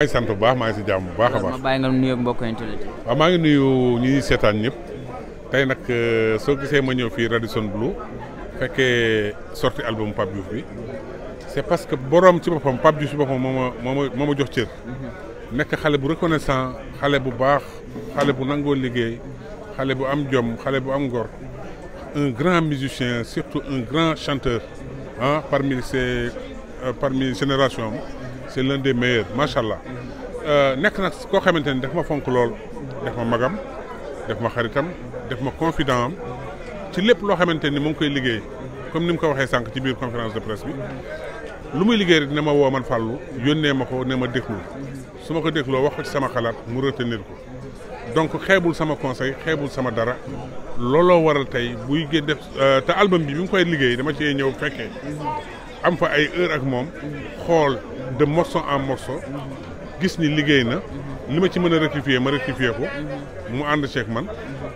maa ngi sant bu baax maa ngi si jàmm baax a baax. ma bàyyi nga nuyu mbokk internet. waaw maa ngi nuyu ñi seetaan ñëpp tey nag euh, soo gisee ma ñëw fii Radisson Blu fekkee sorti album Pape Diouf bi c'est parce que borom ci boppam Pape Diouf ci boppam moo ma moo jox cër. Mhm. nekk xale bu reconnaissant xale bu baax xale bu nangoo liggéey xale bu am jom xale bu am ngor un grand musicien surtout un grand chanteur ah parmi ces euh, parmi génération c'est l'un de meilleurs macha allah euh, nekk nag koo xamante ni daf ma fonk lool def ma magam def ma xaritam def ma confident am ci lépp loo xamante ni mu ngi koy liggéey comme ni mu ko waxee sànq ci biir conférence de presse bi lu muy liggéey rek dina ma woo man fàllu yónnee ma ko ne ma déglu su ma ko dégloo wax sama xalaat mu retenir ko donc xeebul sama conseil xeebul sama dara looloo waral tey buy gën def euh, te album bi bi mu koy liggéey dama cee ñëw fekkee am fa ay heure moom xool de morceau en morceau gis ni liggéey na li ma ci mën a rectifier ma rectifier ko mu ànd ceeg man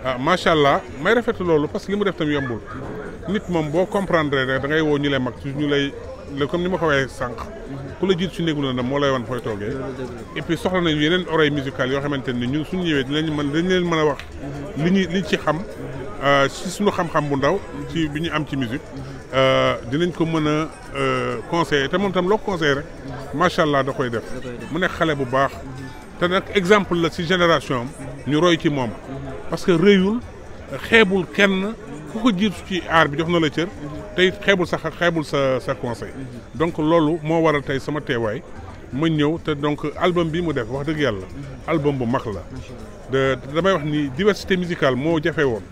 ah macha allah may rafetlu loolu parce que li mu def tam yombul nit moom boo comprendre rek da ngay woo ñu lay mag ci ñu lay comme ni ma ko waxee sànq ku la jiit su néegul na moo lay wan fooy toogee et puis soxla nañu yeneen oreille musicale yoo xamante ni ñun suñu ñëwee dinañ man dañ leen mën a wax li ñu li ci xam si ah, suñu xam-xam bu ndaw ci bi ñu am ci musique Euh, dinañ ko mën a euh, conseiller te moom tam loo ko rek macha allah da koy def mu nekk xale bu baax te nag exemple la si génération am ñu roy ci moom parce que rëyul xeebul kenn ku ko jiitu ci aar bi jox na la cër tey xeebul sa xeebul sa sa conseil donc loolu moo waral tey sama teewaay ma ñëw te donc album bi mu def wax dëgg yàlla album bu mag la de damay wax ni diversité musicale moo jafe woon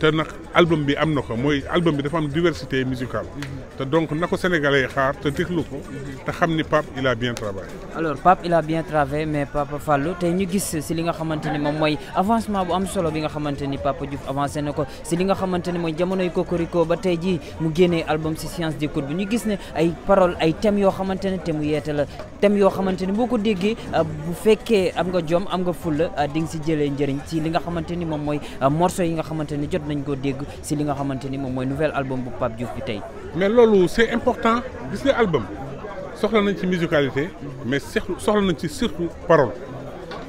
te nag album bi am na ko mooy album bi dafa am diversité musicale. Mhm. te donc na ko sénégalais yi xaar te déglu ko. Mhm. te xam ni Pape il a bien travaillé. alors Pape a bien travaillé mais Papa Fallou tey ñu gis si li nga xamante mooy avancement bu ko si ba tey jii mu génnee album si science d'écoute bi ñu gis ne ay paroles ay thèmes yoo xamante ne mu yeete la thèmes yoo xamante ni boo ko déggee euh, bu fekkee am nga jom am nga fulla euh, di si jëlee njëriñ si li nga xamante jot nañ ko dégg si li nga xamante ni moom mooy nouvel album bu Pape Diouf bi tey. mais loolu c'est important gis nga album soxla nañ ci musicalité mais soxla nañ ci surtout parole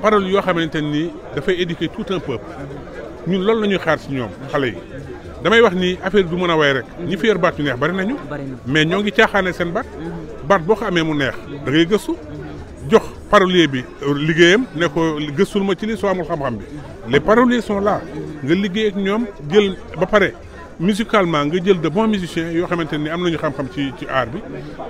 parole yoo xamante ni dafay éduquer tout un peuple ñun loolu la ñuy xaar si ñoom xale yi. damay wax ni affaire du mën a way rek ñi fi yor baat yu neex bari mais ñoo ngi caaxaane seen baat baat boo ko amee mu neex da ngay gëstu jox parolier bi liggéeyam ne ko gëstul ma ci li soo amul xam-xam bi les paroliers sont la nga liggéey ak ñoom jël ba pare musicalement nga jël de bons musiciens yoo xamante ni am nañu xam-xam ci ci art bi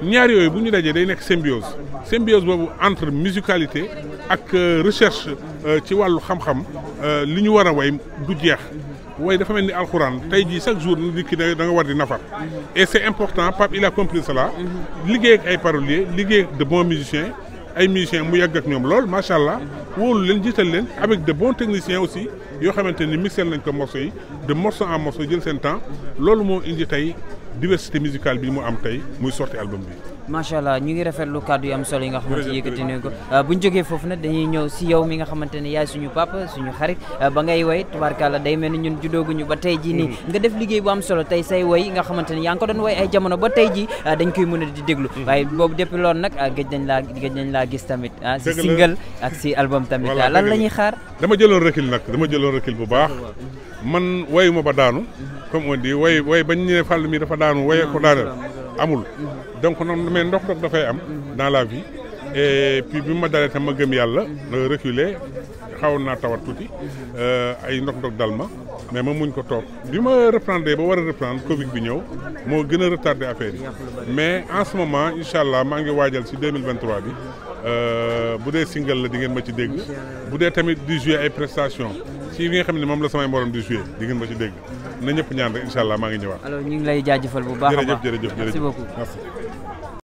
ñaari yooyu bu ñu dajee day nekk symbiose symbiose boobu entre musicalité ak euh, recherche euh, ci wàllu xam-xam euh, li ñu war a way du jeex waaye dafa mel ni alxuraan tey jii chaque jour nit ki da nga war di nafar et c'est important Pape il a compris cela mm-hmm. liggéey ak ay liggéey ak de bons ay musiciens mu yàgg ak ñoom lool macha allah wóolu leen jiital leen avec de bons technicien aussi yoo xamante ni mixel nañ ko morceau yi de morceau en morceau jël seen temps loolu moo indi tey diversité musicale bi mu am tey muy sorti album bi. macha allah ñu ngi rafetlu kàddu yu am solo yi nga xamante ni yëkkati nañ ko ah, bu ñu ñëw si yow mi nga xamante ne yaay suñu papa suñu xarit ah, ba ngay way la day mel ni ñun juddooguñu ba tey jii nii mm-hmm. nga def liggéey bu am solo tey say way nga xamante ne yaa ngi ko doon way ay jamono ba tey ji ah, dañ koy mën a di déglu mm-hmm. waaye boobu depuis loolu nag gëj nañ laa gëj nañ laa gis tamit ah si single ak si album tamit lan la ñuy xaar dama jëloon recul nag dama jëloon recul bu baax man wayu ma ba daanu mm-hmm. comme on dit way way bañ ñëwee dafa daanu waye ko daaneel amul donc noonu mais ndox ndox dafay am dans la vie et puis bi ma dalee tam ma gëm yàlla reculer xawoon naa tawat tuuti euh, ay ndox ndox dal ma mais ma muñ ko toog bi ma reprendre ba war a reprendre Covid bi ñëw moo gën a retardé affaire yi mais en ce moment incha allah maa ngi waajal si 2023 bi euh, bu dee single la di ngeen ma ci dégg bu dee tamit di jouer ay prestations si yi nga xam ne moom la samay mborom di joué di ngeen ma dégg na ñëpp ñaan rek incha maa ngi ñëwaat alors ñu ngi lay jaajëfal bu baax a baax jërëjëf jërëjëf merci beaucoup